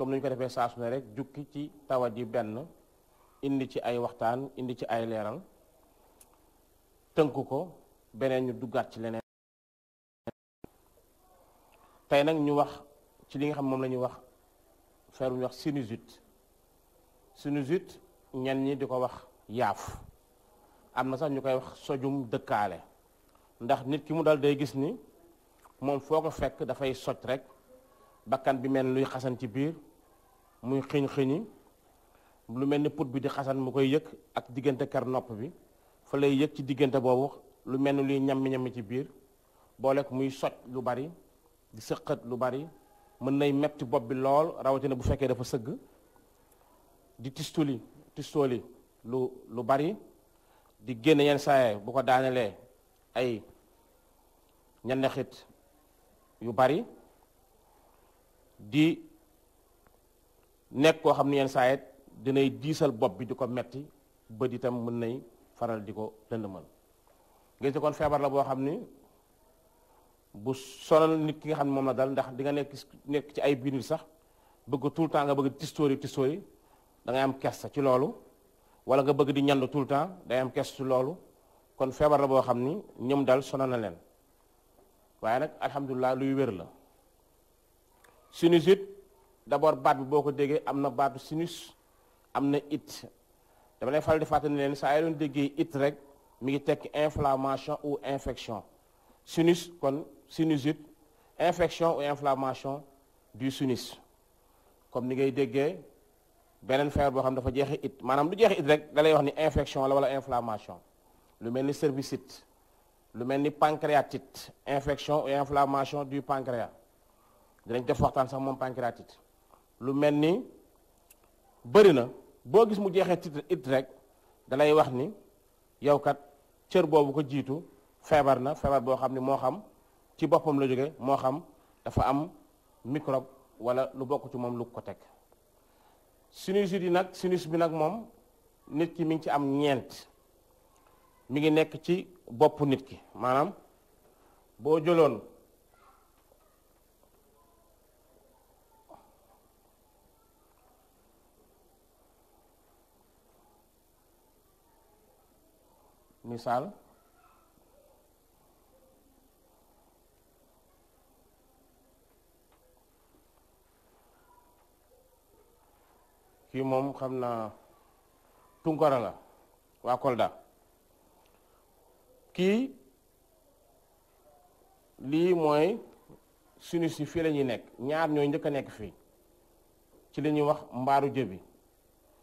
comme ni ñu ko defee saa ne rek jukki ci tawat yi benn indi ci ay waxtaan indi ci ay leeral tënk ko beneen ñu duggaat ci leneen tey nag ñu wax ci li nga xam moom la ñuy wax feer bu ñuy wax sinusite sinusite ñenn ñi di ko wax yaaf am na sax ñu koy wax sojum dëkkaale ndax nit ki mu dal day gis ni moom foo ko fekk dafay soj rek bakkan bi mel luy xasan ci biir muy xëñ xëñi lu mel ni put bi di xasan mu koy yëg ak diggante kar nopp bi fa lay yëg ci diggante boobu lu mel ni luy ñammi ñammi ci biir boole ko muy soj lu bari di sëqat lu bari mën nay metti bopp bi lool rawatina bu fekkee dafa sëgg di tistuli tistooli lu bari di génn yenn saaye bu ko daanelee ay ñannexit yu bari di nekk koo xam ne yenn saa it dinay diisal bopp bi di ko metti bët itam mën nay faral di ko lëndëmal ngeen ci kon feebar la boo xam ni bu sonal nit ki nga xam ne moom la dal ndax di nga nekk nekk ci ay biir sax bëgg tout le temps nga bëgg tistóori tistóori da ngay am kersa ci loolu wala nga bëgg di ñandu tout le temps day am kersa ci loolu kon feebar la boo xam ni ñoom dal sonal na leen waaye nag alhamdulilah luy wér la d'abord baat bi boo ko déggee am na baatu sinus am na it dama lay faral di fàttali leen saa yoo doon déggee it rek mi ngi tekki inflammation ou infection sinus kon sinusite infection ou inflammation du sinus comme ni ngay déggee beneen feebar boo xam dafa jeexee it maanaam lu jeexee it rek da lay wax ni infection la wala inflammation lu mel ni cervicite lu mel ni pancréatite infection ou inflammation du pancréas dinañ def waxtaan sax moom pancréatite lu mel ni bëri na boo gis mu jeexee titre it rek dalay wax ni yow kat cër boobu ko jiitu feebar na feebar boo xam ni moo xam ci boppam la jóge moo xam dafa am microbe wala lu bokk ci moom lu ko teg sinus yi nag sinus bi nag moom nit ki mi ngi ci am ñeent mi ngi nekk ci boppu nit ki maanaam boo jëloon misaal kii moom xam naa tunkara la waa Kolda kii lii mooy sunu si fii la nekk ñaar ñooy njëkk a nekk fii ci lañuy wax mbaaru jë bi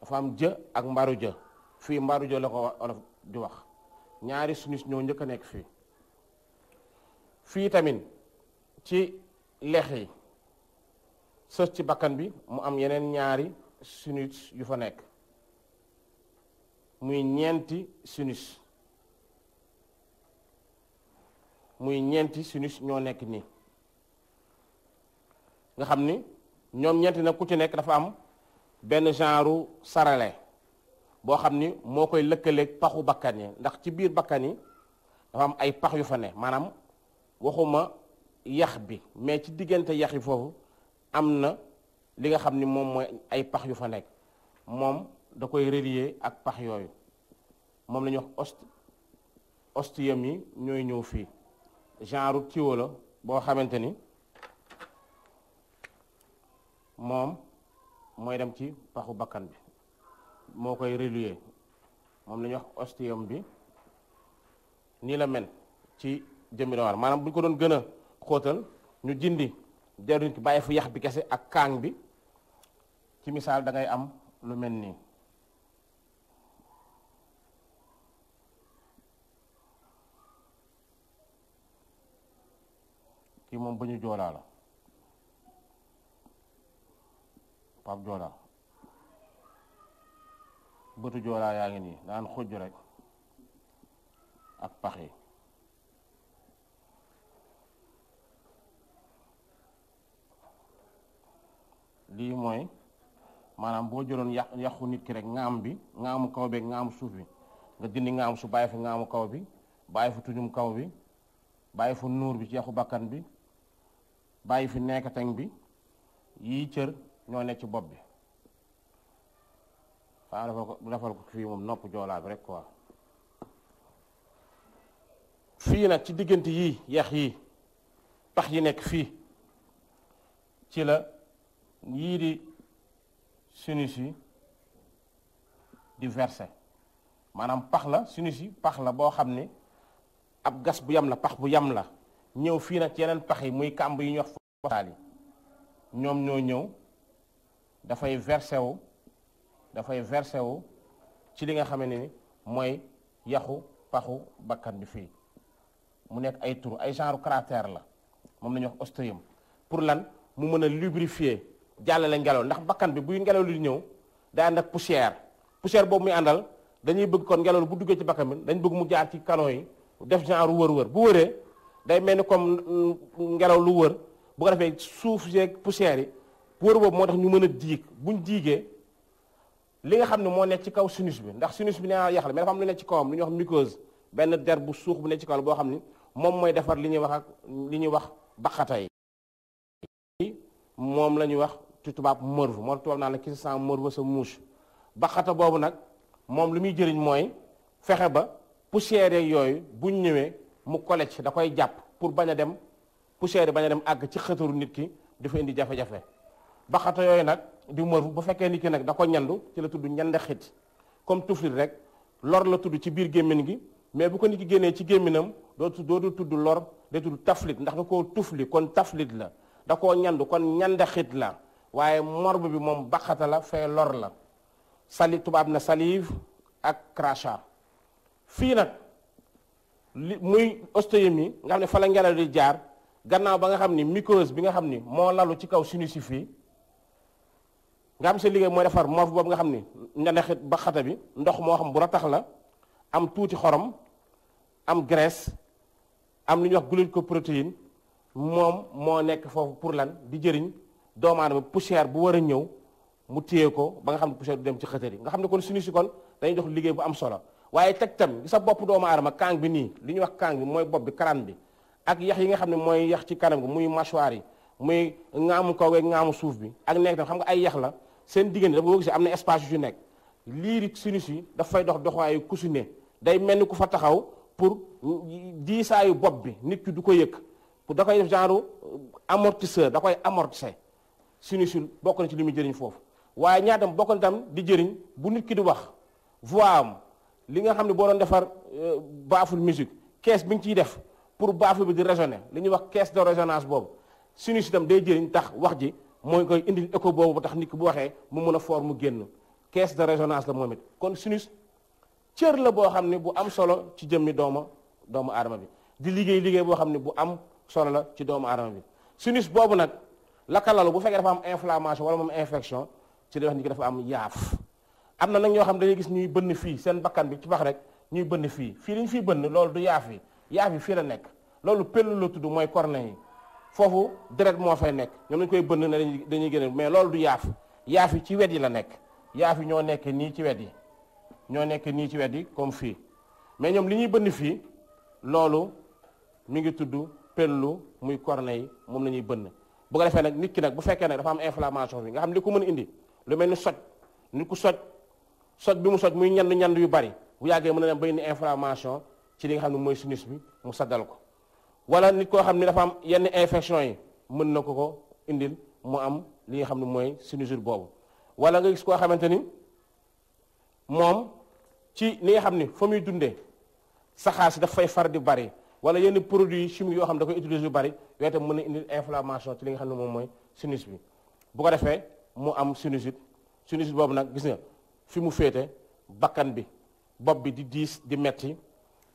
dafa am jë ak mbaaru jë fii mbaaru jë la ko wax ñaari sunus ñoo njëkk a nekk fii fii tamit ci lex yi sës ci bakkan bi mu am yeneen ñaari sinus yu fa nekk muy ñeenti sinus muy ñeenti sinus ñoo nekk nii nga xam ni ñoom ñeenti nag ku ci nekk dafa am benn genre sarale boo xam ni moo koy lëkkaleeg paxu bakkan yi ndax ci biir bakkan yi dafa am ay pax yu fa ne maanaam waxuma yax bi mais ci diggante yax yi foofu am na li nga xam ni moom mooy ay pax yu fa nekk moom da koy relier ak pax yooyu moom lañu ñuy ost ostium yi ñooy ñëw fii genre ci wolo boo xamante ni moom mooy dem ci paxu bakkan bi moo koy relier moom la ñuy wax ostium bi nii la mel ci jëmmi doomu maanaam bu ñu ko doon gën a xóotal ñu jindi deruñ ki bàyyi fu yax bi kese ak kaang bi ci misaal dangay am lu mel nii kii moom ba ñu joolaa la Pape Joolaa bëtu joolaa yaa ngi nii daan xujj rek ak paxi lii mooy maanaam boo jëloon yàq yàqu nit ki rek ŋaam bi ŋaamu kaw bi ŋaamu suuf bi nga dindi ŋaam su bàyyi fi ŋaamu kaw bi bàyyi fi tuñum kaw bi bàyyi fu nuur bi ci yàqu bakkan bi bàyyi fi nekkatañ bi yii cër ñoo nekk ci bopp bi waaw defal ko defal ko fii moom nopp joolaa bi rek quoi fii nag ci diggante yii yax yii pax yi nekk fii ci la yii di sinus di verse maanaam pax la sinus pax la boo xam ne ab gas bu yam la pax bu yam la ñëw fii nag yeneen pax yi muy kàmb yi ñu wax foofu ñoom ñoo ñëw dafay versé wu dafay versé wu ci li nga xam ne ni mooy yaxu paxu bakkan bi fii mu nekk ay tur ay genre cratère la moom la ñuy wax ostéum pour lan mu mën a lubrifier jàllale ngelaw ndax bakkan bi buy ngelaw li ñëw day ànd ak poussière poussière boobu muy àndal dañuy bëgg kon ngelaw bu duggee ci bakkan bi dañ bëgg mu jaar ci canon yi def genre wër-wër bu wëree day mel ni comme mm, ngelaw lu wër bu ko defee suuf yeeg poussière yi wër boobu moo tax ñu mën a diig buñ diigee. li nga xam ne moo nekk ci kaw sinus bi ndax sinus bi nee naa yax la dafa am lu nekk ci kawam lu ñuy wax muqueuse benn der bu suux bu nekk ci kaw boo xam ni moom mooy defar li ñuy wax ak li ñuy wax baqatay moom la ñuy wax ci tubaab morve moo tubaab naa la ki sa morve sa mouche baqata boobu nag moom li muy jëriñ mooy fexe ba poussière yooyu buñ ñëwee mu collège da koy jàpp pour bañ a dem poussière bañ a dem àgg ci xëtaru nit ki dafa indi jafe-jafe baxata yooyu nag di mër bu fekkee ni ki nag da ko ñandu ci la tudd ñande xit comme tuflit rek lor la tudd ci biir gémmin gi mais bu ko nit ki génnee ci gémminam dootu dootu tudd lor day tudd taflit ndax da koo tufli kon taflit la da koo ñandu kon ñande xit la waaye morbe bi moom baxata la fee lor la sali tubaab na salive ak crachat fii nag li muy ostéomi nga xam ne fala la ngelaw jaar gannaaw ba nga xam ni muqueuse bi nga xam ni moo lalu ci kaw sinus fii nga xam sa liggéey mooy defar moof boobu nga xam ni ñanexit ba xata bi ndox moo xam bu ratax la am tuuti xorom am graisse am lu ñuy wax glucoprotéine moom moo nekk foofu pour lan di jëriñ doomu aadama poussière bu war a ñëw mu téye ko ba nga xam ne poussière du dem ci xëtër yi nga xam ne kon suñu si kon dañuy jox liggéey bu am solo waaye teg tam a bopp doomu aadama kaang bi nii li ñuy wax kaang bi mooy bopp bi karaan bi ak yax yi nga xam ne mooy yax ci kanam gi muy mâchoire yi muy ngaamu kaw geeg ŋaamu suuf bi ak nekk tam xam nga ay yax la seen diggante dafa boo gisee am na espace yu ci nekk liiri sinus yi daf fay dox doxaayu kusine day mel ni ku fa taxaw pour diisaayu bopp bi nit ki du ko yëkk pour da koy def genre amortisseur da koy amortisser sinus yi bokk na ci li muy jëriñ foofu waaye ñaatam bokk na tam di jëriñ bu nit ki di wax voix am li nga xam ne boo doon defar euh, baaful musique caisse bi nga ciy def pour baaful bi di résonner li ñuy wax caisse de résonance boobu sinus itam day jëriñ tax wax ji mooy koy indi écho boobu bu tax nit ki bu waxee mu mun a foor mu génn caisse de résonance la moom it kon sinus cër la boo xam ne bu am solo ci jëmmi dooma doomu aadama bi di liggéey liggéey boo xam ne bu am solo la ci doomu aadama bi sinus boobu nag lakkalalu bu fekkee dafa am inflammation wala moom infection ci li wax ni dafa am yaaf am na nag ñoo xam dañuy gis ñuy bënn fii seen bakkan bi ci bax rek ñuy bënn fii fii lañ fii bënn loolu du yaaf yi yaaf yi fii la nekk loolu pellu la tudd mooy cornée yi foofu deret moo fay nekk ñoom dañ koy bënn ne dañuy dañuy génne mais loolu du yaaf yaaf yi ci wet yi la nekk yaaf yi ñoo nekk nii ci wet yi ñoo nekk nii ci wet yi comme fii mais ñoom li ñuy bënn fii loolu mu ngi tudd pellu muy cornée yi moom la ñuy bënn bu ko defee nag nit ki nag bu fekkee nag dafa am inflammation bi nga xam li ko mën a indi lu mel ni soj nit ku soj soj bi mu soj muy ñand ñand yu bari bu yàggee mën na dem ba indi inflammation ci li nga xam ne mooy si bi mu saddal ko wala nit koo xam ne dafa am yenn infection yi mën na ko ko indil mu am li nga xam ne mooy sinusite boobu wala nga gis koo xamante ni moom ci li nga xam ne fa muy dundee saxaar si daf fay far di bari wala yenn produits chimiques yoo xam ne da koy utiliser yu bari yooyu tam mën na indil inflammation ci li nga xam ne moom mooy sinus bi bu ko defee mu am sinusite sinusite boobu nag gis na fi mu féete bakkan bi bopp bi di diis di metti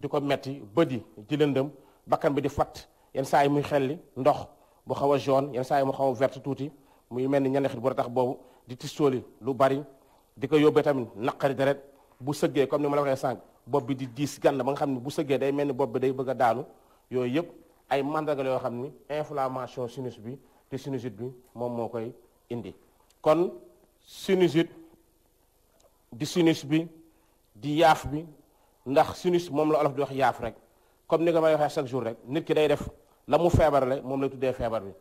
di ko metti bët yi di lëndëm bakkan bi di fatt yenn saa yi muy xelli ndox bu xaw a jaune yenn saa yi mu xaw a verte tuuti muy mel ni ñanexit bu tax boobu di tistooli lu bari di ko yóbbee tamit naqari deret bu sëggee comme ni ma la waxee sànq bopp bi di diis gànn ba nga xam ne bu sëggee day mel ni bopp bi day bëgg daanu yooyu yëpp ay mandarga yoo xam ni inflammation sinus bi te sinusite bi moom moo koy indi kon sinusite di sinus bi di yaaf bi ndax sinus moom la olof di wax yaaf rek comme ni nga may waxee chaque jour rek nit ki day def la mu feebar la moom lay tuddee feebar bi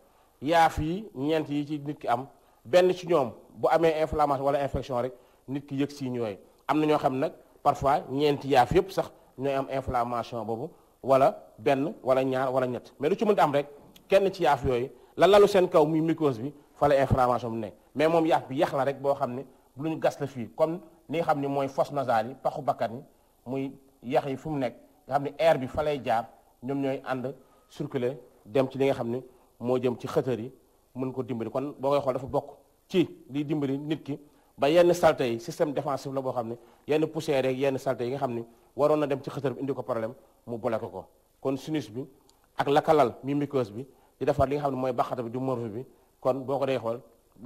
yaaf yi ñeent yi ci nit ki am benn ci ñoom bu amee inflammation wala infection rek nit ki yëg si ñooy am na ñoo xam nag parfois ñeenti yaaf yëpp sax ñooy am inflammation boobu wala benn wala ñaar wala ñett mais lu ci mënti am rek kenn ci yaaf yooyu la lalu seen kaw muy mycose bi fa la inflammation bi nekk mais moom yaaf bi yax la rek boo xam ne lu ñu gas la fii comme ni nga xam ne mooy fosse nasale yi paxu bakkan muy yax yi fu mu nekk nga xam ne air bi fa lay jaar ñoom ñooy ànd circuler dem ci li nga xam ne moo jëm ci xëtër yi mën ko dimbali kon boo koy xool bokk ci liy dimbali nit ki ba yenn saleté yi système la boo xam ne yenn poussière rek yenn saleté yi nga xam ne waroon na dem ci xëtër indi ko problème mu bloqué ko kon sinus bi ak lakalal mi muqueuse bi di defar li nga xam ne mooy baxata bi du morve bi kon boo ko dee xool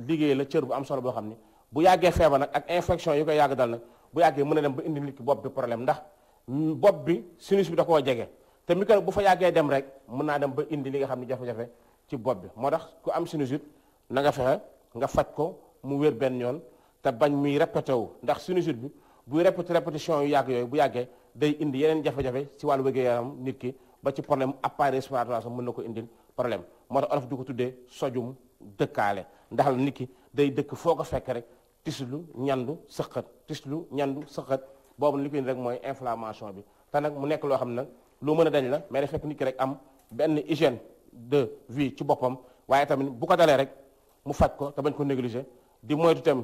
liggéey la cër bu am solo boo xam ne bu yàggee feebar nag ak infection yi koy yàgg dal nag bu yàggee mën a dem ba indi nit ki bopp bi problème ndax bopp bi sinus bi da koo jege te microbe bu fa yàggee dem rek mën naa dem ba indi li nga xam ne jafe-jafe ci bopp bi moo tax ku am sinusite nanga nga fexe nga faj ko mu wér benn yoon te bañ muy répété wu ndax sinusite bi buy répété répétition yu yàgg yooyu bu yàggee day indi yeneen jafe-jafe ci wàllu wér yaram nit ki ba ci problème appareil respiratoire sax mën na ko indil problème moo tax olof di ko tuddee sojum dëkkaale ndax la nit ki day dëkk foo ko fekk rek tislu ñandu sëqat tislu ñandu sëqat boobu li koy rek mooy inflammation bi te nag mu nekk loo xam ne nag lu mën a dañ la mais dafa fekk nit ki rek am benn hygiène de vie ci boppam waaye tamit bu ko dalee rek mu faj ko te bañ ko négliger di moytu tam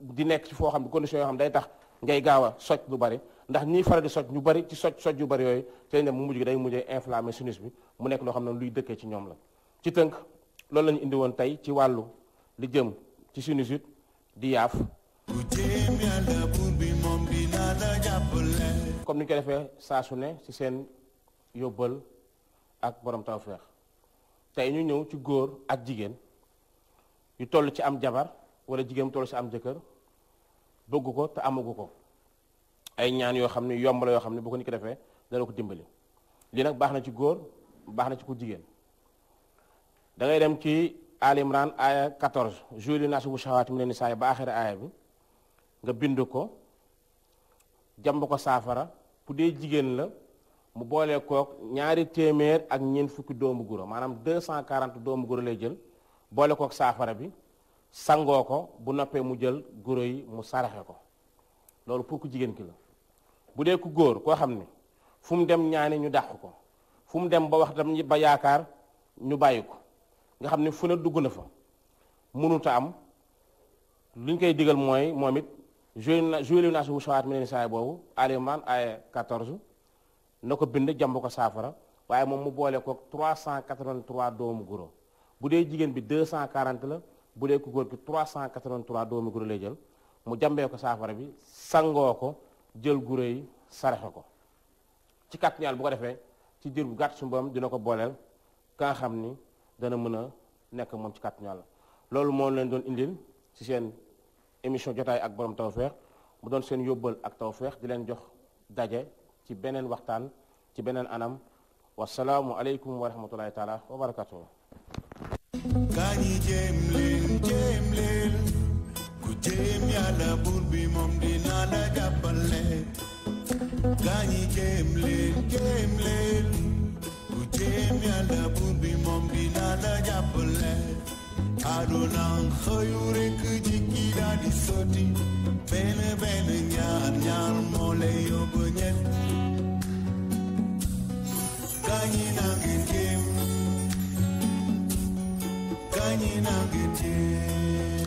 di nekk ci foo xam ne conditions yoo xam day tax ngay gaaw a socc lu bari ndax ñiy faral di socc ñu bari ci soj socc yu bari yooyu tey ne mu mujj gi day mujjee inflammé sinus bi mu nekk loo xam ne luy dëkkee ci ñoom la ci tënk loolu lañu indi woon tey ci wàllu li jëm ci sinusite di yaaf. comme ni ñu koy defee saa su ne ci seen yóbbal ak borom tawfeex tey ñu ñëw ci góor ak jigéen yu toll ci am jabar wala jigéen mu toll ci am jëkkër bëgg ko te amugu ko ay ñaan yoo xam ne yomb la yoo xam ne bu ko nit ki defee dana ko dimbali lii nag baax na ci góor baax na ci ku jigéen dangay dem ci Al Imran aaya 14 juli nasibu shawaati mina nisaa ba axira aaya bi nga bind ko jàmb ko saafara bu dee jigéen la mu boolee kook ñaari téeméer ak ñeent fukki doomu guro maanaam cent 240 doomu guro lay jël boole kook saafara bi sangoo ko bu noppee mu jël guro yi mu saraxe ko loolu pour ku jigéen ki la bu dee ku góor koo xam ne fu mu dem ñaani ñu dàq ko fu mu dem ba wax tam ba yaakaar ñu bàyyi ko nga xam ne fu ne dugg na fa mënuta am lu koy digal mooy moom it joué joué naa si wu sawaat mi ne saay boobu aliman ay 14 na ko bind jàmb ko saafara waaye moom mu boole ko 383 doomu guro bu dee jigéen bi 240 la bu dee ku góor gi 383 doomu guro lay jël mu jàmbee ko saafara bi sangoo ko jël guro yi saraxe ko ci kat ñaal bu ko defee ci diir bu gàtt su dina ko booleel kaa xam ni dana mën a nekk moom ci kat ñaal loolu moo leen doon indil ci seen émission jotaay ak borom tawfeex mu doon seen yóbbal ak tawfeex di leen jox daje ci beneen waxtaan ci beneen anam wasalaamu aleykum wa rahmatulahi taala wa barakatuhu gaa ñi jéem leen ku jéem yàlla buur moom dina la la jàppale aduna xëyu rekk jikki daal di sotti benn benn ñaar ñaar moo lay yóbbu ñett kañi naa ngeen jéem kañi naa ngeen